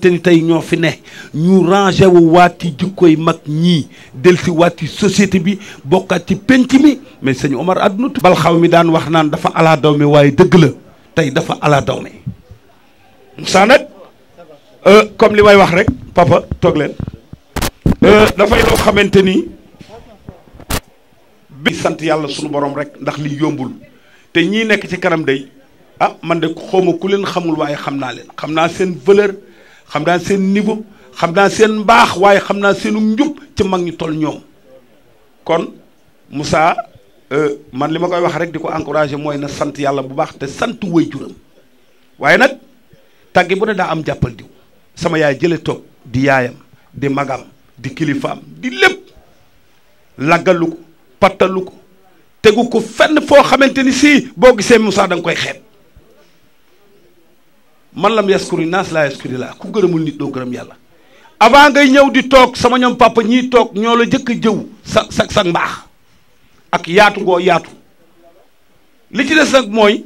xamante ni tey ñoo fi ne ñu rangé wu waat ci jikkoy mag ñii del si waat ci société bi bokkaat ci penc mi mais sëñ Omar àdduna tu bal xaw mi daan wax naan dafa alaa waaye dëgg la tey dafa alaa daw mi Moussa nag euh, comme li may wax rek papa toog leen euh, dafay loo xamante ni bi sant yàlla sunu borom rek ndax li yombul te ñii nekk ci kanam day ah man de xawma ku leen xamul waaye xam naa leen xam naa seen valeur xam naa seen niveau xam naa seen mbaax waaye xam naa seenu njub ci mag ñu toll ñoom kon Moussa euh, man li ma koy wax rek di ko encouragé mooy na sant yàlla bu baax te sant waajuram waaye nag tàggi bu ne daa am jàppal diw sama yaay jële toog di yaayam di magam di kilifaam di lépp laggalu ko pattalu ko tegu ko fenn foo xamante ni si boo gisee Moussa da nga koy xeeb man lam yaskuri naas laa yaskuri laa ku gërëmul nit doo gërëm yàlla avant ngay ñëw di toog sama ñoom papa ñii toog ñoo la jëkk a jëw sa sa sa mbaax ak yaatu goo yaatu li ci des sag mooy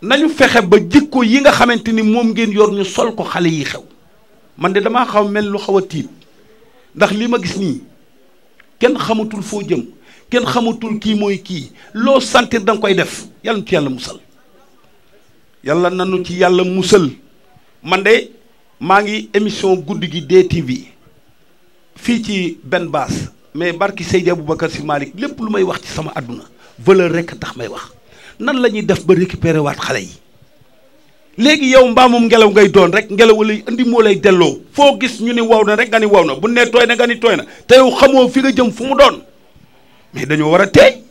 nañu fexe ba jikko yi nga xamante ni moom ngeen yor ñu sol ko xale yi xew man de damaa xaw mel lu xaw a tiit ndax lii ma gis nii kenn xamatul foo jëm kenn xamatul kii mooy kii loo sentir da nga koy def yàlla na ci yàlla musal yàlla nanu ci yàlla musal man de maa ngi émission guddi gi DTV fii ci benn baas mais barki Seydi Aboubacar Sy Malick lépp lu may wax ci sama àdduna valeur rek tax may wax nan la ñuy def ba récupérer waat xale yi léegi yow mbaamum ngelaw ngay doon rek ngelaw lay indi moo lay delloo foo gis ñu ni wow na rek nga ni waw na bu ne tooy na nga ni tooy na te yow xamoo fi nga jëm fu mu doon mais dañoo war a teey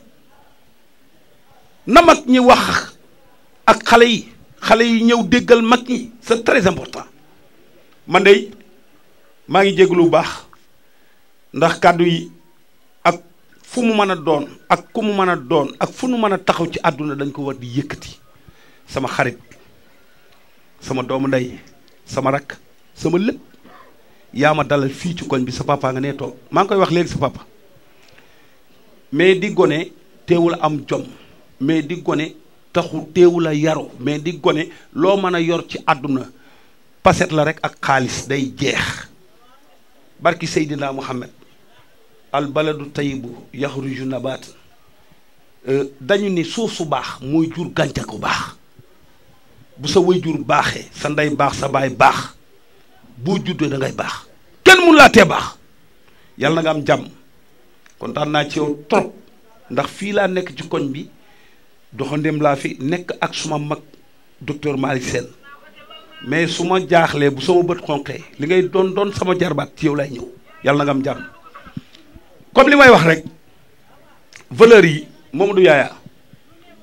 na mag ñi wax ak xale yi xale yi ñëw déggal mag ñi c'est très important man de maa ngi jéglu bu baax ndax kàddu yi ak fu mu mën a doon ak ku mu mën a doon ak fu mu mën a taxaw ci àdduna dañ ko war di yëkkati sama xarit sama doomu ndey sama rakk sama lépp yaa ma dalal fii ci koñ bi sa papa nga nee toog maa ngi koy wax léegi sa papa mais di gone teewul am jom mais di gone taxu teewul a yaru mais di gone loo mën a yor ci àdduna paset la rek ak xaalis day jeex barki Seydina Muhammad al baladu tayibu yaxruju nabaat euh, dañu ni suuf su baax mooy jur gàncax gu baax bu sa way jur baaxee sa ndey baax sa baay baax boo juddoo da ngay baax kenn mun laa tee baax yàlla na nga am jàmm kontaan naa ci yow trop ndax fii laa nekk ci koñ bi doxandéem laa fi nekk ak suma mag docteur Malick Sène mais su ma jaaxlee bu sama bët xonqee li ngay doon doon sama jarbaat ci yow lay ñëw yàlla na nga am jàmm comme li may wax rek valeurs yi moom du yaayaa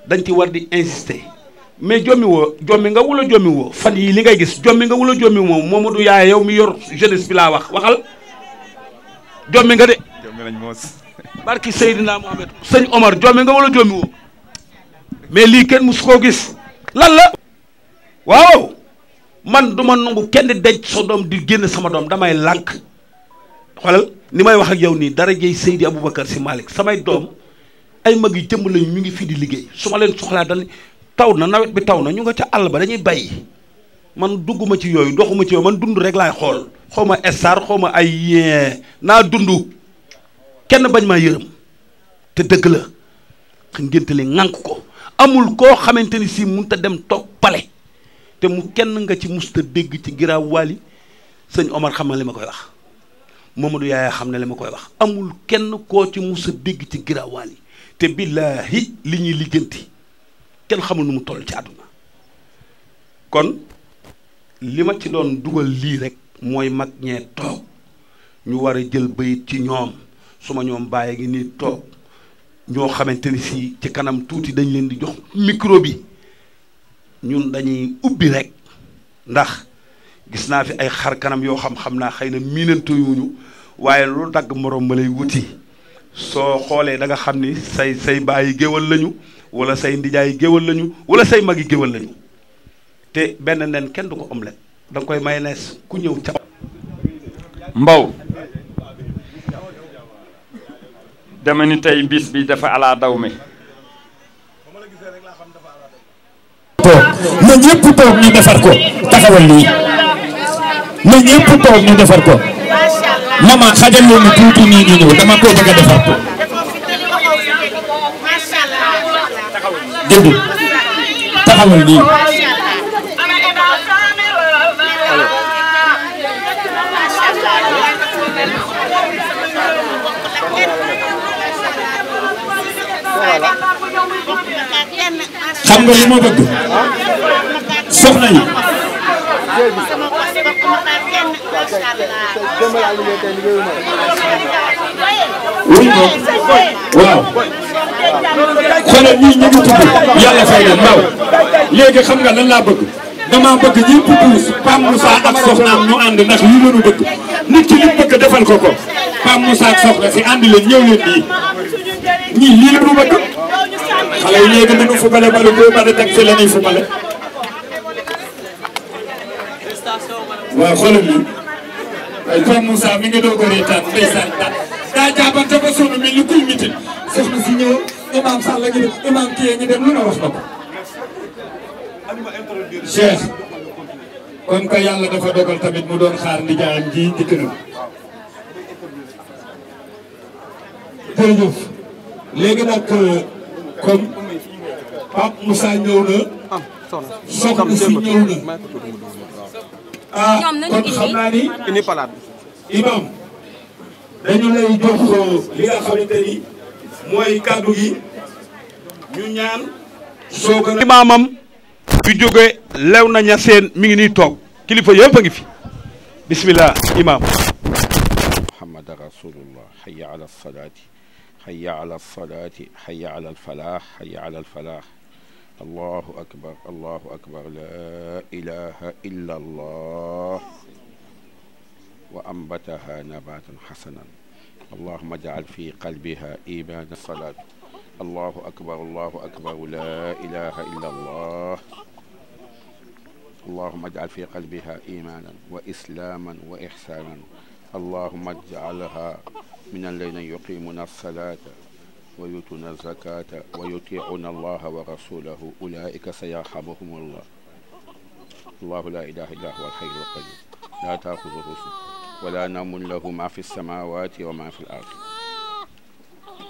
dañ ci war di insister mais jommi woo jommi nga wula jommi woo fan yi li ngay gis jommi nga wula jommi woo moom du yaaya yow mi yor jeunesse bi laa wax waxal jommi nga de. jommi nañ moos. barki Seydina Mohamed sëñ Omar jommi nga wala jommi woo. mais lii kenn mus koo gis lan la waaw man du ma nangu kenn denc sa doom di génn sama doom damay lànk xoolal ni may wax ak yow nii dara jëy Seydi Aboubacar si Malick samay doom ay mag yi jëmm lañu ñu ngi fii di liggéey su ma leen soxlaa dañ taw na nawet bi taw na ñu nga ca àll ba dañuy bay man dugguma ci yooyu doxuma ci yooyu man dund rekk laay xool xaw ma estar xaw ma ay naa dund kenn bañ maa yërëm te dëgg la ngénte li ŋànk ko amul koo xamante ni si mënut a dem toog pale te mu kenn nga ci musta dégg ci giraaw waali sëñ Omar xam na li ma koy wax Mamadou Yaaya xam ne li ma koy wax amul kenn koo ci musta dégg ci giraaw waali te billaahi li ñuy ligganti kenn xamul nu mu toll ci àdduna kon li ma ci doon dugal lii rek mooy mag ñee toog ñu war a jël bayit ci ñoom suma ñoom bàyyi ngi nii toog ñoo xamante ni si ci kanam tuuti dañ leen di jox micro bi ñun dañuy ubbi rek ndax gis naa fi ay xar kanam yoo xam xam naa xëy na miinante yuñu waaye lu dagg moroom ma lay wuti soo xoolee da nga xam ni say say bàyyi géwal lañu wala say ndijaay géwal lañu wala say magi yi géwal lañu te benn nen kenn du ko omle danga koy mayonnaise ku ñëw ca. Mbaw. dama ni tey biis bi dafa alaa daw mi toog na ñëpp toog ñu defar ko taxawal lii na ñëpp toog ñu ko mama xajal leen ñu dama ko bëgg a defar ko dégg taxawal lii xam nga li ma bëgg soxna yi wuy ko waaw xoolal ñii ñu ngi tudd yàlla fay na ndaw léegi xam nga lan laa bëgg dama bëgg ñëpp puus Pam Moussa ak soxnaam ñu ànd ndax lii la bëgg nit ki li bëgg defal ko ko Pam Moussa ak soxna si ànd leen ñëw nii ñii lii la bëgg. xale yi léegi mënu fubale ba lu bëri ba di teg fi la waaw xoolal lii. waaye Pape Moussa mi ngi doog a reetaan ndeysaan daa daa ba sonn mel ni kuy mitin. soxna si ñëw imaam Sall ngi imaam Kiyee ngi dem lu ne wax na ko. Cheikh. comme que yàlla tamit mu doon xaar nijaayam ji dikk na. jërëjëf léegi nag. Euh, kon Pape Moussa ñëw na soxna si ñëw na ah kon xam naa ni imam dañu lay jox li nga xamante ni mooy kàddu gi imaamam fi lew na ña seen mi ngi toog kilifa yëpp a ngi fi bismillah imaam muhammad rasulullah hayya ala salaati xaya ala alsalaati xaya ala alfalaax xaya ala alfalaax allahu akbar allahu akbar laa ilaha illa allah wa ambataha nabatan xasanan allahuma jacal fi qalbiha imaana salaat allahu akbar allahu akbar laa ilaha illa allah allahuma jacal fi qalbiha imaanan wa islaaman wa ixsaanan allahuma jacalha من الذين يقيمون الصلاة ويؤتون الزكاة ويطيعون الله ورسوله أولئك سيرحمهم الله الله لا إله إلا هو الحي القيوم لا تأخذه سنة ولا نوم له ما في السماوات وما في الأرض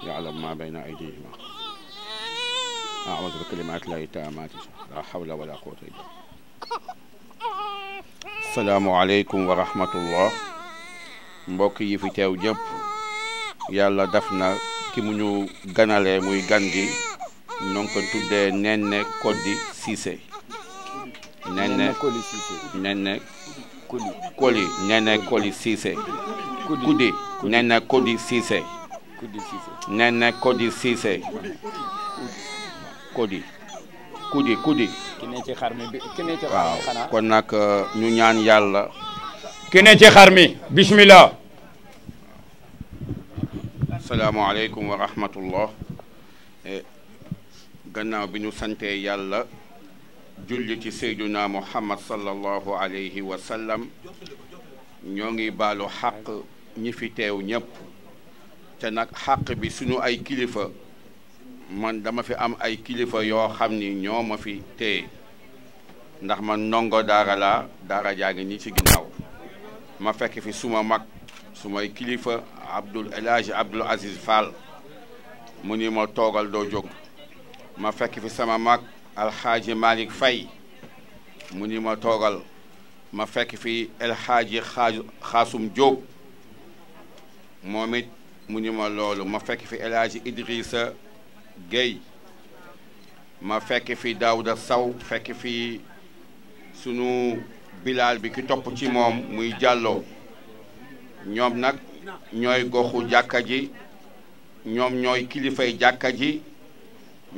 يعلم ما بين أيديهما أعوذ بكلمات الله التامات لا حول ولا قوة إلا بالله السلام عليكم ورحمة الله mbokk yi fi teew jëpp yàlla def na ki mu ñu ganale muy gan gi ñoo ngi ko tuddee Néné Coly Cissé. Néné Coly Cissé Néné Coly Coly Néné Coly Cissé. Coly Néné Coly Cissé. Coly Cissé Néné Coly ne ci xar mi kon nag uh, ñu ñaan yàlla. ki ne ci xar bismillah. asalaamaaleykum wa rahmatullah eh, gannaaw bi ñu santee yàlla julli ci seyduna muhammad sallallahu alayhi wa sallam ñoo ngi baalu xaq ñi fi teew ñépp te nag xaq bi suñu ay kilifa man dama fi am ay kilifa yoo xam ni ñoo ma fi téye ndax man ndongo daara laa daara jaa ngi nii ci ginnaaw ma fekk fi suma mag su may kilifa Abdoul El Hadj Aziz Fall mu ni ma toogal doo jóg ma fekk fi sama mag alxaaji Malick fay mu ni ma toogal ma fekk fi alxaaji Xaasum Diop moom it mu ni ma loolu ma fekk fi El Hadj Idrissa ma fekk fi Daouda Sow fekk fi sunu bilaal bi ki ci moom muy jàlloo ñoom nag ñooy goxu jàkka ji ñoom ñooy kilifay jàkka ji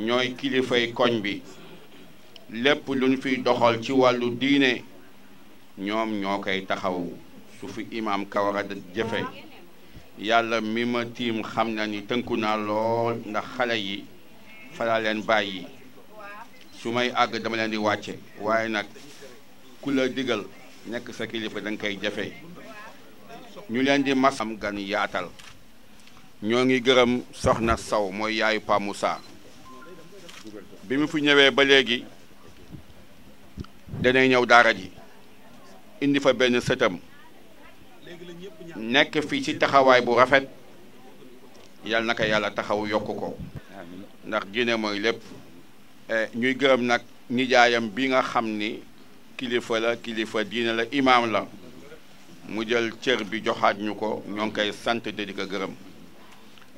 ñooy kilifay koñ bi lépp luñ fiy doxal ci wàllu diine ñoom ñoo koy taxaw su fi imaam Kawara jafe yàlla mi ma tiim xam na ni tënku naa lool ndax xale yi falaa leen bàyyi su may àgg dama leen di wàcce waaye nag ku la digal nekk sa kilifa da koy jafe ñu leen di mas gan yaatal ñoo ngi gërëm soxna Saw mooy yaayu Pa Moussa bi mu fi ñëwee ba léegi danay ñëw daara ji indi fa benn sëtam nekk fi ci taxawaay bu rafet yal naka yàlla taxaw yokk ko ndax diine mooy lépp e, ñuy gërëm nag nijaayam bi nga xam ni kilifa la kilifa diine la imaam la mu jël cër bi joxaat ñu ko ñoo ngi koy sant te di ko gërëm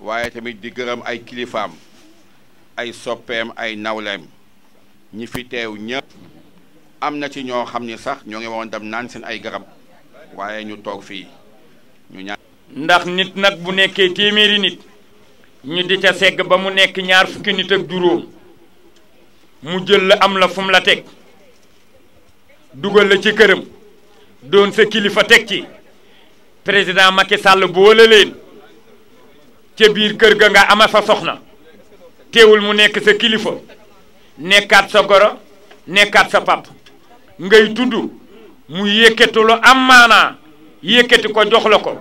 waaye tamit di gërëm ay kilifaam ay soppeem ay nawleem ñi fi teew ñëpp am na ci ñoo xam ni sax ñoo ngi woon dem naan seen ay garab waaye ñu toog fii ñu ñaan ndax nit nag bu nekkee téeméeri nit ñu di ca segg ba mu nekk ñaar fukki nit ak juróom mu jël la am la fu la teg dugal la ci këram doon sa kilifa teg ci président Macky sàll boole leen ca biir kër ga nga ama fa soxna teewul mu nekk sa kilifa nekkaat sa goro nekkaat sa pap ngay tudd mu yëkkati am maanaa yëkkati ko jox la ko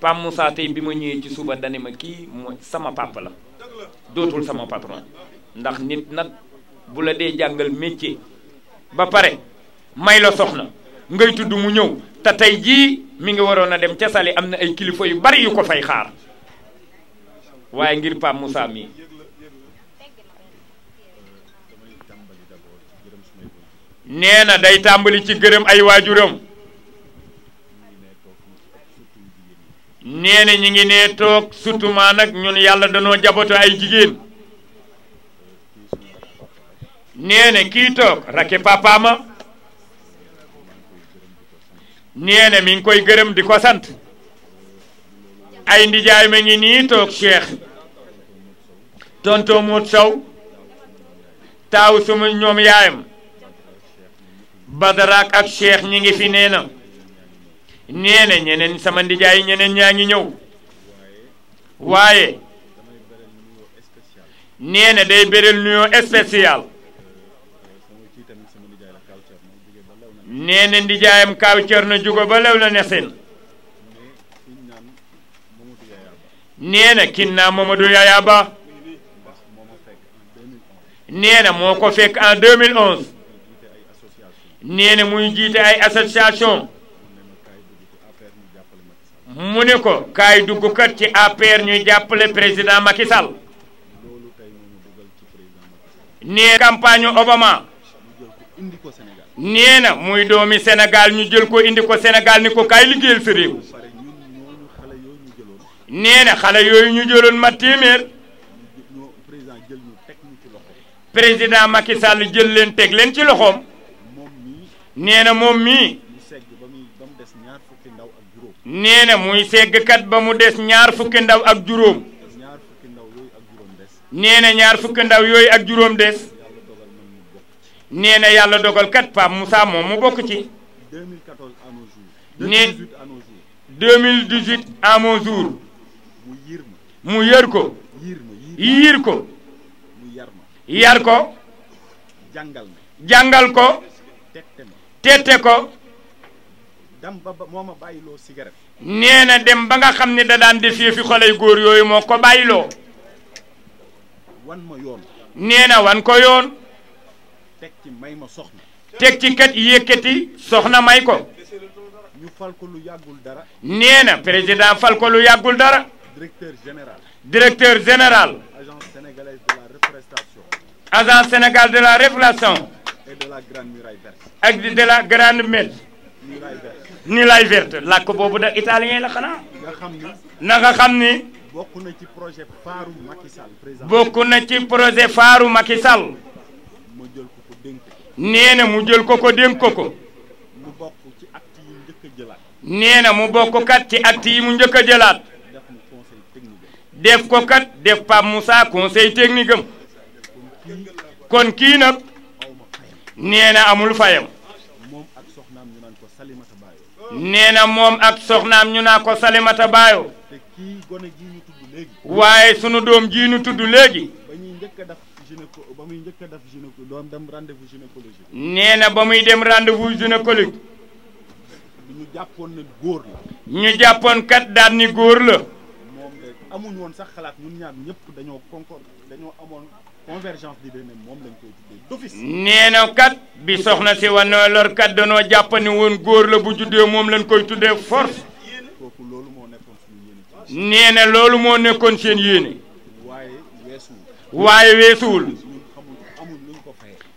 Pape Moussa tey bi ma ñëwee ci suba dani ma kii mooy sama papa la dootul sama patron ndax nit nag bu la dee jàngal métier ba pare may la soxna ngay tudd mu ñëw te tey jii mi ngi waroon a dem ca Saly am na ay kilifa yu bari yu ko fay xaar waaye ngir Pape Moussa mii na day tàmbali ci gërëm ay waajuram nee na ñi ngi nee toog surtout nag ñun yàlla danoo jaboto ay jigéen nee na kii toog rakki papaama nee na mi ngi koy gërëm di ko sant ay ndijaay ma ngi nii toog ceex tonto Mout Sow taaw suma ñoom yaayam badaraak ak cheikh ñi ngi fi nee na nee na ñeneen sama ndijaay ñeneen ñaa ngi ñëw waaye nee na day bérél nuyoo spécial nee na ndijaayam kaaw na Jugo ba lew la nesen nee na kin naa Mamadou Yaya Ba moo ko fekk en 2011 nee na muy jiite ay association mu ne ko kaay duggkat ci APR ñuy jàppale président Macky Sall nee campagne Obama indi ko Sénégal. nee na muy doomi Sénégal ñu jël ko indi ko Sénégal ni ko kaay liggéeyal sa réew. nee na xale yooyu ñu jëloon ma téeméer. président Macky Sall jël leen teg leen ci loxoom. nee na moom mii. nee na muy seggkat ba mu des ñaar fukki ndaw ak juróom. nee na ñaar fukki ndaw yooyu ak juróom des. nee na yàlla dogal kat Pape Moussa moom mu bokk ci. 2014 à nos jours. nee 2018 à nos jours. mu yir ma mu yër ko. yir ko. mu yar ko. jàngal ko. tette ko. dem ba ba moo ma bàyyiloo dem ba nga xam ne da daan def yëfi xolay góor yooyu moo ko bàyyiloo. wan wan ko yoon. teg ci may ma soxna. ci kat yëkkati soxna may ko. ñu fal lu yàggul dara. nee na président fal ko lu yàggul dara. directeur général. directeur général. agence sénégalaise de la reforestation. agence de la reforestation. et de la grande muraille verte. ak de la grande làkk boobu da italien la xanaa. nga xam na nga xam ni. bokk na ci projet phare Macky Sall ma jël nee na mu jël ko ko dénk ko ko nee na mu bokk kat ci acte yi mu njëkk a jëlaat def ko kat def Pape Moussa conseil technique am kon kii nag nee na amul fayam nee na moom ak soxnaam ñu naa ko Salimata Baayo waaye sunu doom jii nu tudd léegi. muy njëkk a def gynéco doon dem rendez-vous gynécologique. nee na ba muy dem rendez-vous gynécologique. ñu jàppoon ne góor la. ñu jàppoon kat daan góor la. moom woon sax xalaat ñun ñaar ñëpp dañoo concord dañoo amoon convergence di ne moom lañ koy tuddee na kat bi soxna si wane lor kat danoo jàpp ne woon góor la bu juddee moom lañ koy tuddee force. kooku loolu moo nekkoon suñu loolu moo nekkoon seen yéene. waaye weesuwul.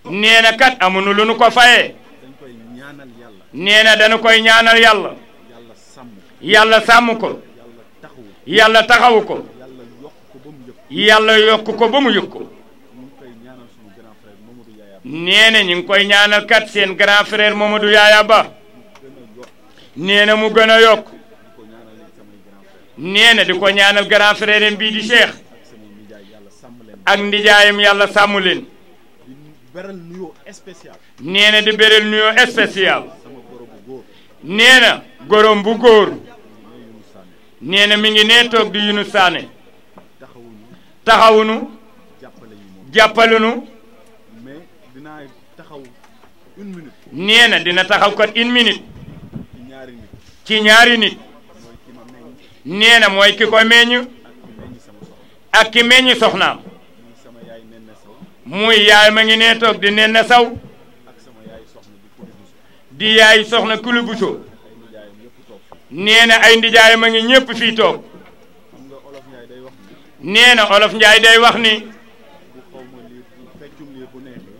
nee na kat amuñu lu nu ko fayee nee na dañu koy ñaanal yàlla yàlla sàmm ko yàlla taxaw ko yàlla yokk ko ba mu yëg ko nee na ñu ngi koy ñaanal kat seen grand frère Mamadou Yaaya Ba nee na mu gën a yokk nee na di ko ñaanal grand frère am bii di Cheikh ak ndijaayam yàlla sàmm leen. beral nuyoo spécial. nee na di beral nuyoo spécial. nee gorom bu góor. nee na mi ngi nee toog di Yunus Sané. taxawunu. jàppalunu. nee na dina taxaw kat une minute. ci ñaari nit. nee mooy ki ko meññ. ak ki meññ soxnaam. muy yaay ma ngi ne toog di nen na saw di yaay soxna Kulu Buso nee na ay ndijaay ma ngi ñépp fii toog nee na olof Njaay day wax ni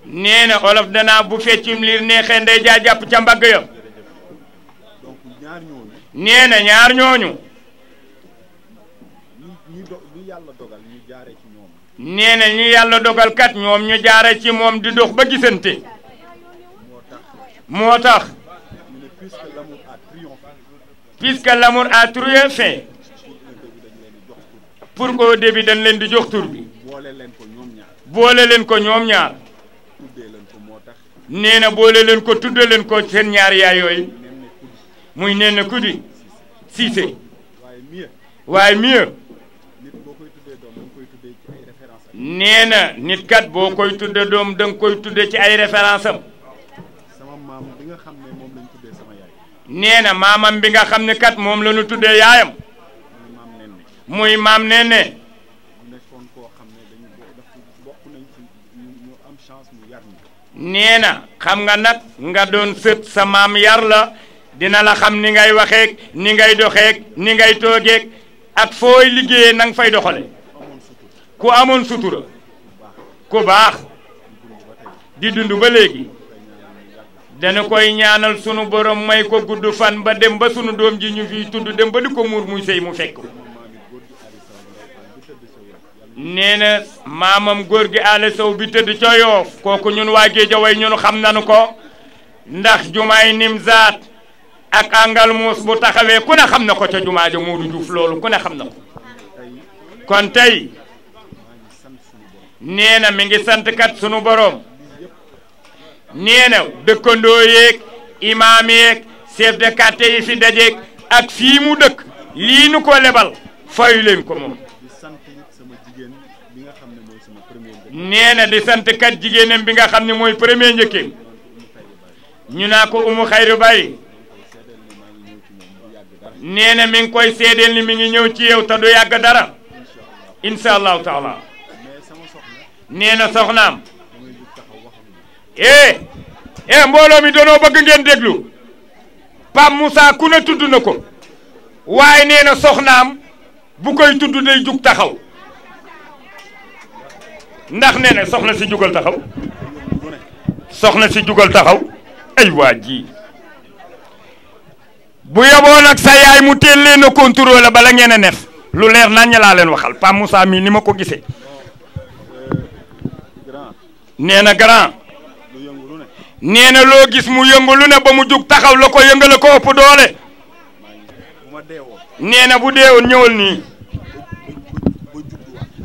nee na olof danaa bu feccum liir neexee nday jaa jàpp ca mbagg ya nee ñaar ñooñu nee na ñu yàlla dogal kat ñoom ñu jaare ci moom di dox ba gisante moo tax puisque l'amour a triomphé pour qu'au début dañ leen di jox tur bi boole leen ko ñoom ñaar nee na boole leen ko tudde leen ko seen ñaar yaay yooyu muy nen na ku di Cissé waaye mieux nee na nit kat boo koy tudde doom da nga koy tudde ci ay référence am nee na maamam bi nga xam ne kat moom la ñu tuddee yaayam muy maam nee ne nee na xam nga nag nga doon sët sa maam yar la dina la xam ni ngay waxeek ni ngay doxeek ni ngay toogeek ak fooy liggéeyee na nga fay doxale ku amoon sutura ku baax di dund ba léegi dana koy ñaanal sunu borom may ko gudd fan ba dem ba sunu doom ji ñu fiy tudd dem ba di ko muur muy sëy mu fekk nee na maamam góor gi ale sow bi tëdd ca yoof kooku ñun waa Géejawaay ñun xam nanu ko ndax jumaay Nimzaat ak àngal muus bu taxawee ku ne xam na ko ca jumaa ja Moodu Juuf loolu ku ne xam na ko kon tey nee na mi ngi sant kat sunu boroom nee na dëkkandoo yeeg imaam yeeg chef de quartier yi fi dajeeg ak fii mu dëkk lii nu ko lebal fayu leen ko moom nee na di sant kat jigéenam bi nga xam ne mooy premier njëkkeem ñu naa ko umu xayru bàyyi nee mi ngi koy seedeel ni mi ngi ñëw ci yow te du yàgg dara incha allahu taala nee na soxnaam eh eh mbooloo mi doonoo bëgg ngeen déglu Pape Moussa ku ne tudd na ko waaye nee na soxnaam bu koy tudd day jug taxaw ndax nee na soxna si jugal taxaw soxna si jugal taxaw ay waa ji bu yoboon ak sa yaay mu teel leen a contrôler bala ngeen a nef lu leer nañ laa leen waxal Pape Moussa mii ni ma ko gisee. nee na grand nee na loo gis mu yëngu lu ne ba mu jug taxaw la ko yëngale ko ëpp doole nee na bu deewoon ñëwal nii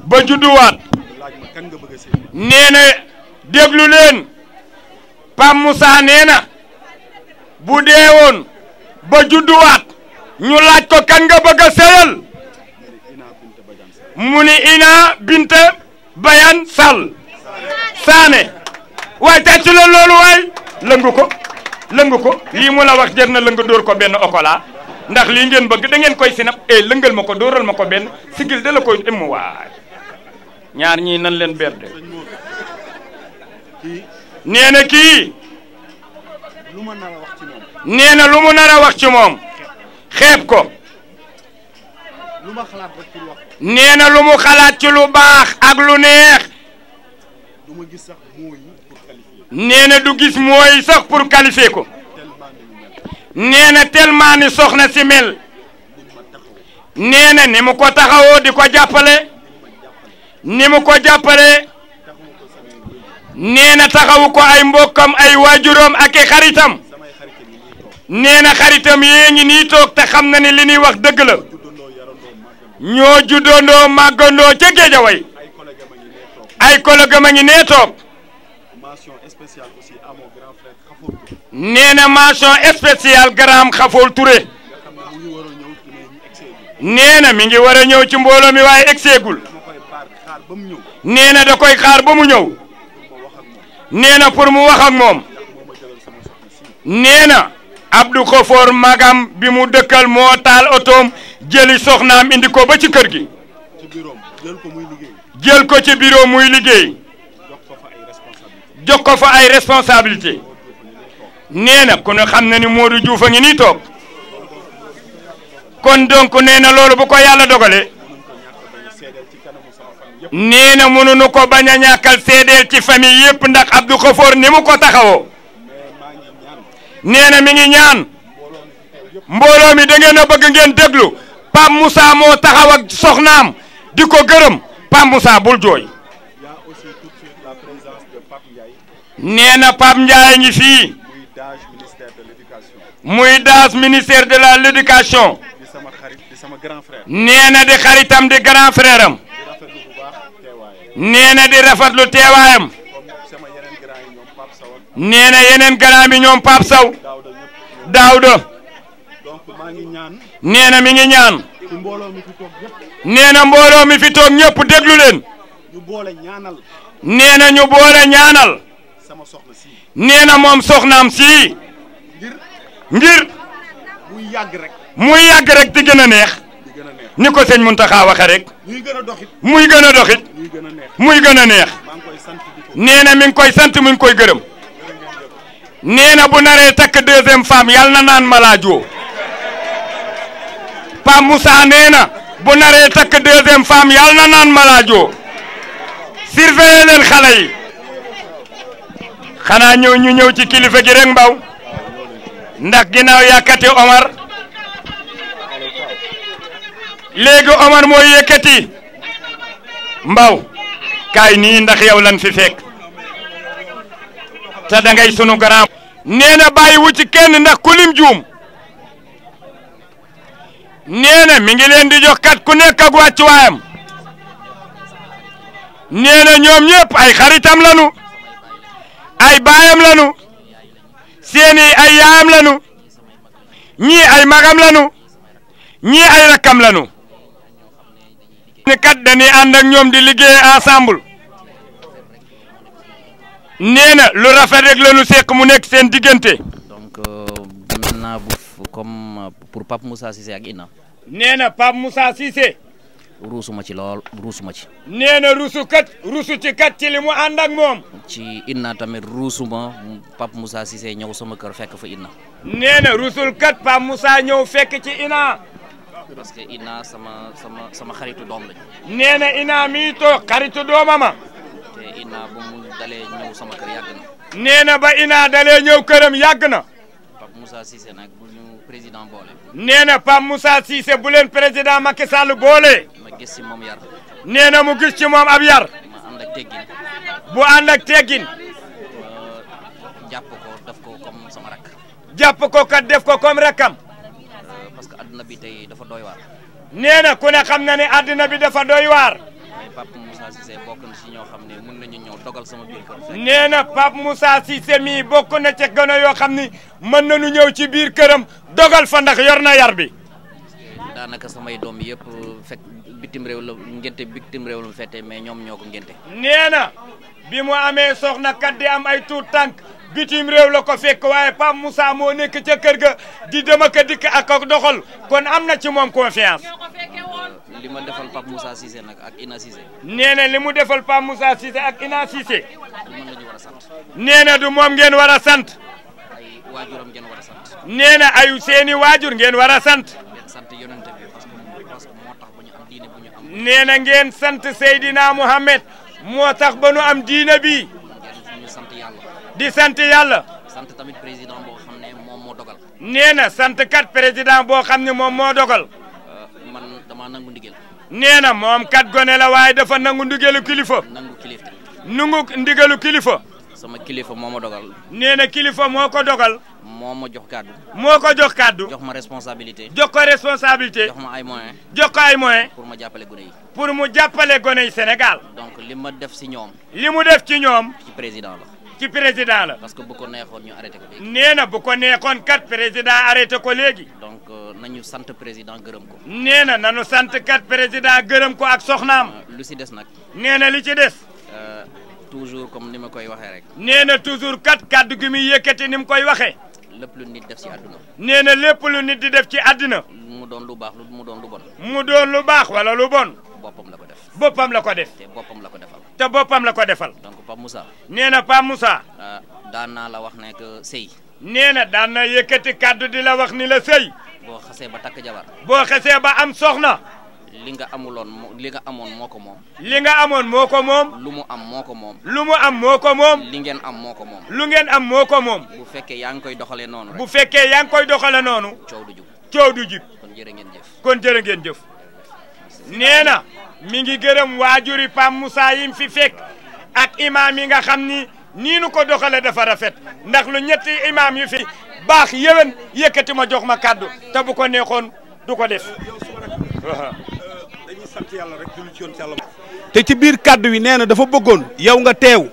ba judduwaat nee na déglu leen bu deewoon ba judduwaat ñu laaj ko kan nga bëgg a mu ni Ina Binte Bayane Sall saane waaye tàccu la loolu waay lëngu ko lëngu ko lii mu la wax jër na lëngu dóor ko benn okola ndax li ngeen bëgg dangeen ngeen si sinap e lëngal ma ko dóoral ma ko benn si da la koy dem waay ñaar ñii nan leen berde nee na kii nee lu mu nar a wax ci moom xeeb ko nee na lu mu xalaat ci lu baax ak lu neex nee na du gis mooy sax pour qualifier ko nee na tellement ni soxna si mel nee na ni mu ko taxawoo di ko jàppale ni mu ko jàppale nee na taxawu ko ay mbokkam ay waajuram ak i xaritam nee xaritam yée ngi nii toog te xam na ni li ñuy wax dëgg la ñoo juddandoo màggandoo ca géejaway ay collègue am a ngi nee toog nee na mention spéciale grand Xafool Touré nee na mi ngi war a ñëw ci mbooloo mi waaye egseegul nee na da koy xaar ba mu ñëw nee na pour mu wax ak moom nee na Abdou Khafoor magam bi mu dëkkal moo taal otoom jëli soxnaam indi ko ba ci kër gi. jël ko ci bureau muy liggéey jox ko fa ay responsabilité nee na ku ne xam na ni Modou Diouf a ngi nii toog kon donc nee na loolu bu ko yàlla dogale nee na mënuñu ko bañ a ñàkkal seedeel ci famille yépp ndax Abdou Khafour ni mu ko taxawoo nee mi ngi ñaan mbooloo mi da ngeen a bëgg ngeen déglu Pape Moussa moo taxaw ak soxnaam di ko gërëm Pa Moussa bul jooy nee na Pape Ndiaye ngi fii muy daas ministère de la l'éducation nee na di xaritam di grand frère am nee na di rafetlu teewaayam nee na yeneen grand bi ñoom Pape Sow daaw nee na mi ngi ñaan nee na mbooloo mi fi toog ñëpp déglu leen. ñu boole ñaanal. nee na ñu ñaanal. sama soxna si. nee na moom soxnaam sii. ngir. ngir. muy yàgg rek. muy yàgg di gën a neex. di gën a neex ni ko sëñ Muntaxa waxe rek. muy gën a doxit. muy gën a gën neex. muy gën neex. nee na mi ngi koy sant min koy gërëm. nee na bu naree takk deuxième femme yàlla na naan malaajoo. Pape Moussa nee na. bu naree takk deuxième femme yàlla na naan malaajoo surveiller leen yi xanaa ñëw ñu ñëw ci kilifa gi rek mbaw ndax ginnaaw yàkkati Omar léegi Omar mooy yëkkati mbaw kaay nii ndax yow lan fi fekk te da ngay sunu grand. nee na bàyyiwu ci kenn ndax kulim juum. nee na di jox kat ku nekk ak wàccuwaayam nee na ñoom ñëpp ay xaritam lanu ay baayam lanu seeni ay yaayam lanu ñii ay magam lanu ñii ay rakkam lanu kat dañuy ànd ñoom di liggéey ensemble nee na lu rafet rek lanu seq mu nekk seen diggante donc euh, euh, pour Pape Moussa nee na Pape Moussa Cissé. ruusu ci lool ruusu ma ci. nee na ruusu kat ruusu ci kat ci li mu ànd ak moom. ci inna tamit ruusu ma Pape Moussa Cissé ñëw sama kër fekk fa inna. nee na ruusul kat Pape Moussa ñëw fekk ci inna. parce que inna sama sama sama xaritu doom lañu. nee na inna mi toog xaritu doomama. te inna ba mu dalee ñëw sama kër yàgg na. nee na ba inna dalee ñëw këram yàgg na. nag. président boole. nee na Pape Moussa Cissé bu leen président Macky Sall boole. ma gis ci moom yar. nee na mu gis ci moom ab yar. teggin. bu ànd ak teggin. Euh, jàpp ko def ko comme sama rakk. jàpp ko kat def ko comme rakkam. Euh, parce que àdduna bi tey dafa doy ku ne xam na ne àdduna bi dafa doy waar. mais Pape Moussa Cissé bokk na ci ñoo xam dogal sama biir kër. nee na Pape Moussa Cissé mii bokk na ca gën a yoo xam ni na nu ñëw ci biir këram dogal fa ndax yor na yar bi. daanaka samay doom yëpp fekk bitim réew la ngénte bitim réew la fete mais ñoom ñoo ko ngénte. nee bi mu amee soxna kat am ay tuut tànk. bitim réew la ko fekk waaye Pape Moussa moo nekk ca kër ga di dem ak a dikk ak ak doxal kon am na ci moom confiance. li ma defal Pape Moussa Cissé nag ak Ina Cissé. li mu defal Pape Moussa Cissé ak Ina Cissé. nee na du moom ngeen war a sant. ay waajuram ngeen war a sant. nee na ay seeni waajur ngeen war a sant. nee na ngeen sant Seydina Mohamed moo tax ba nu am diina bi. di sant yàlla. sant tamit président boo xam ne moom moo dogal. nee na sant kat président boo xam ne moom moo dogal. Euh, man dama nangu ndigal. nee na moom kat gone la waaye dafa nangu ndigalu kilifa. nangu kilifa. nangu ndigalu kilifa. sama kilifa moo ma dogal. nee na kilifa moo ko dogal. moo ma jox kàddu. moo ko jox kàddu. jox ma responsabilité. jox ko responsabilité. ma ay moyen jox ko ay moyens. pour ma jàppale gone yi. pour mu jàppale gone yi Sénégal. donc li ma def si ñoom. li mu def ci ñoom. ci président la. ci président la. parce que bu ko neexoon ñu arrêté ko léegi. nee na bu ko neexoon kat président arrêté ko léegi. donc euh, nañu sant président gërëm ko. nee na nañu sant kat président gërëm ko ak soxnaam. Euh, lu si des nag. nee na li ci des. Euh, toujours comme ni ma koy waxee rek. nee na toujours kat kàddu gi muy yëkkati ni mu koy waxee. lépp lu nit def ci àdduna. nee na lépp lu nit di def ci àdduna. mu doon lu baax mu doon lu bon. mu lu baax wala lu bon. boppam la ko def. la ko def. te boppam la ko def. te boppam la ko defal. donc Pape musa nee na Pape Moussa. Euh, daan naa la wax ne que sëy. nee na daan na yëkkati kàddu di la wax ni la sëy. boo xasee ba takk jabar. boo xasee ba am soxna. li nga amuloon li nga amoon moo ko moom. li nga amoon moo ko moom. lu mu am moo ko moom. lu mu am moo ko moom. li ngeen am moo ko moom. lu ngeen am moo ko moom. bu fekkee yaa ngi koy doxalee noonu rek. bu fekkee yaa ngi koy doxalee noonu. coow du jub coow du jub. kon jërë ngeen jëf. kon jërë ngeen jëf mi ngi gërëm waajuri Pam Moussa yim fi fekk ak imaam yi nga xam ni nii nu ko doxale dafa rafet ndax lu ñetti imaam yu fi baax yéwén yëkkati ma jox ma kàddu te bu ko neexoon du ko def dañuy sant yàlla rek julli ci te ci biir kàddu wi nee na dafa bëggoon yow nga teew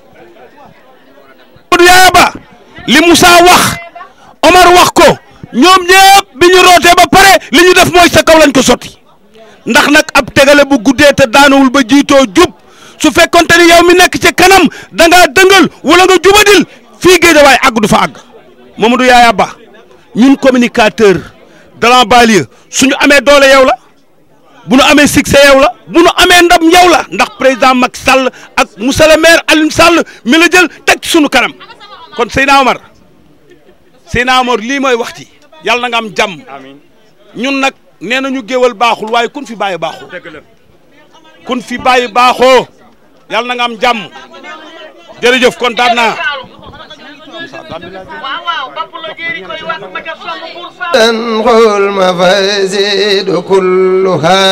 du yaaya ba li Moussa wax Omar wax ko ñoom ñëpp bi ñu rootee ba pare li ñu def mooy sa kaw lañ ko sotti ndax nag ab tegale bu guddee te daanuwul ba jiitoo jub su fekkonte ni yow mi nekk ci kanam danga ngaa dëngal wala nga jubadil fii Géejawaay àgg du fa àgg Mamadou Yaaya Ba ñun communicateur de la banlieue suñu amee doole yow la bu nu amee succès yow la bu nu amee ndam yow la ndax président Macky Sall ak monsieur le maire Alioune Sall mi la jël teg suñu kanam kon Seydina Omar Seydina Omar lii mooy wax ci yàlla na nga am jàmm ñun nag nee nañu géwal baaxul waaye kun fi bàyyi baaxul kun fi bàyyi baaxoo yàlla na nga am jàmm jërëjëf kontaan naa تنغو المفازيد كلها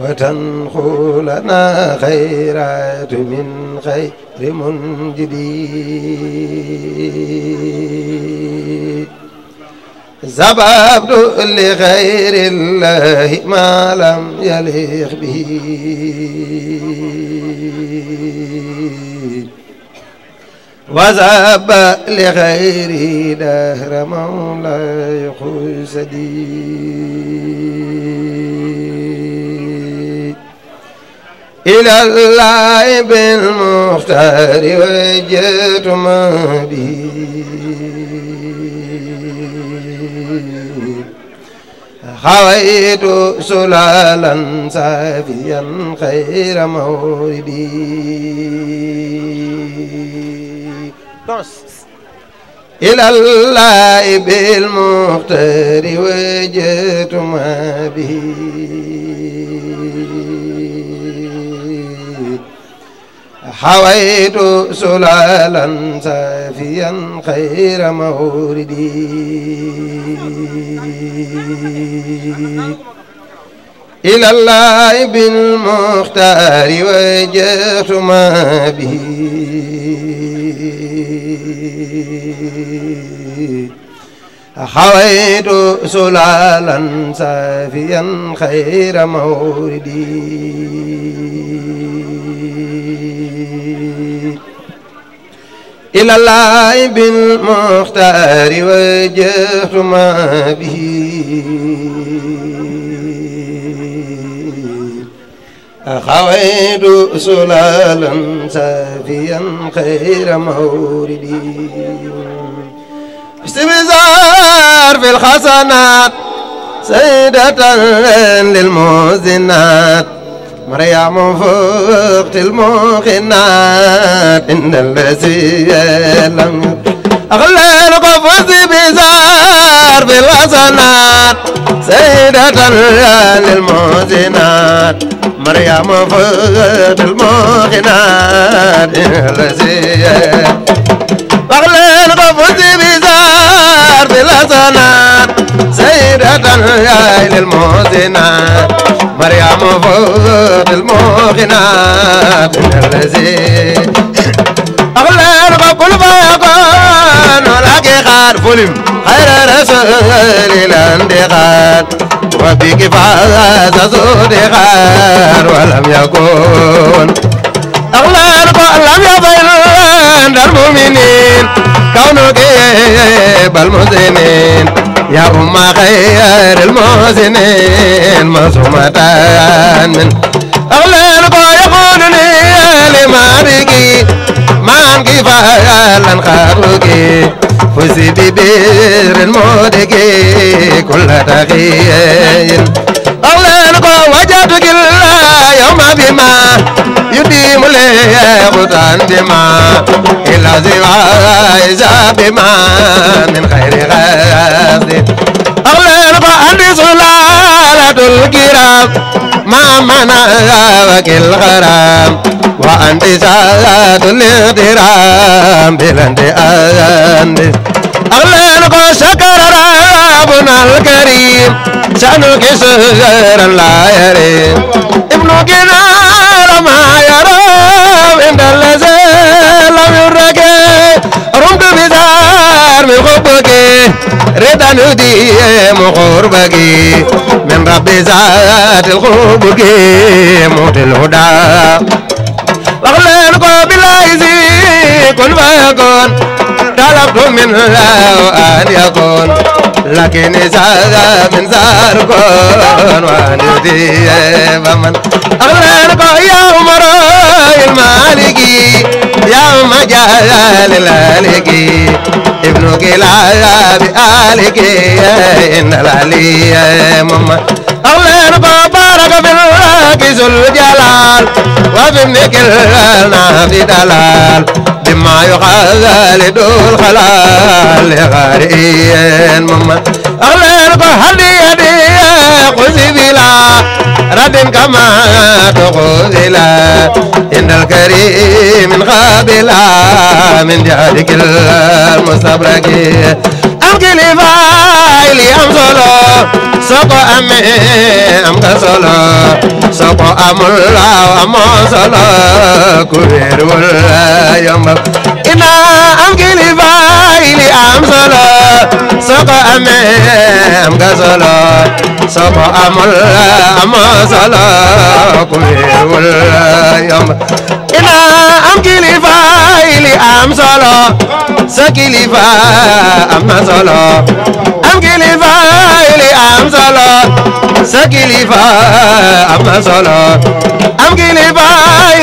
وتنخو لنا خيرات من خير منجدي zababtu li xayri llahi ma lam yaliq bi wa zaba li xayri dahra mawlay xusadi ilallahi bil muxtaari wajjatu ma bi خويت سلالا سافيا خير موردي إلى الله بالمختار وجدت ما به حويت سلالا سافيا خير موردي إلى الله بالمختار وجهت ما به حويت سلالا سافيا خير موردي إلى الله بالمختار وجهت ما به خويت سلالا سافيا خير موردي استبزار في الحسنات سيدة للمحسنات مريم فوقت الموقنات إن الذي لم أغلى القفز بزار بالحسنات سيدة للمحسنات مريم فوقت الموقنات إن الذي أغلى القفز بزار بالحسنات سيدة العيل الموزنة مريم فوت الموغنات الذي أغلال بكل باقون ولكي خار فلم خير رسول الاندخار وبك فاز صدقار ولم يكن أغلال لم يضل المؤمنين كونك بالمسلمين يا أم خير المحسنين مصومة من أغلى القى يقولني لما بكي ما أنكي فعلا خابكي فزي ببير المودكي كل تغيير أغلى القى وجدك الله يوم بما يديم لي بما وإذا بما من خير غاز أولين فأنس لالة الكرام ما منع وكل غرام وأنت سالة الاغترام بلند أنت أغلين فشكر ربنا الكريم سنك سهرا لا يريم ابن كنان mi xubbaki reetanu di mu xurbaki min rabbi zaatil xubbaki mutil huda wax leen ko billaay si kun fa yakoon talabtu min laaw an yakoon لكن ساغا من زاركون وندي بمن أمرانك يا عمر المالكي يا مجال الالكي ابنك لا بآلك إن العلي مما أولانك بارك بالله ذو الجلال وابنك لنا في دلال ما يغالي دول خلال غاريين مما أغلق هدي هدي قوزي بلا ردم كما تقوزي لا إن الكريم من غابلا من جهدك المستبرك أمكن فايلي أم صلو سوكو أمي أم كسولو سوكو أم الله أم صلو كبير ولا يمبك na am kilifa yi li am solo soo ko amee am nga solo soo ko amul amoo solo ku wéerul yomb ina am kilifa yi li am solo soo kilifa am na solo am kilifa yi li am solo soo kilifa am na solo am kilifa yi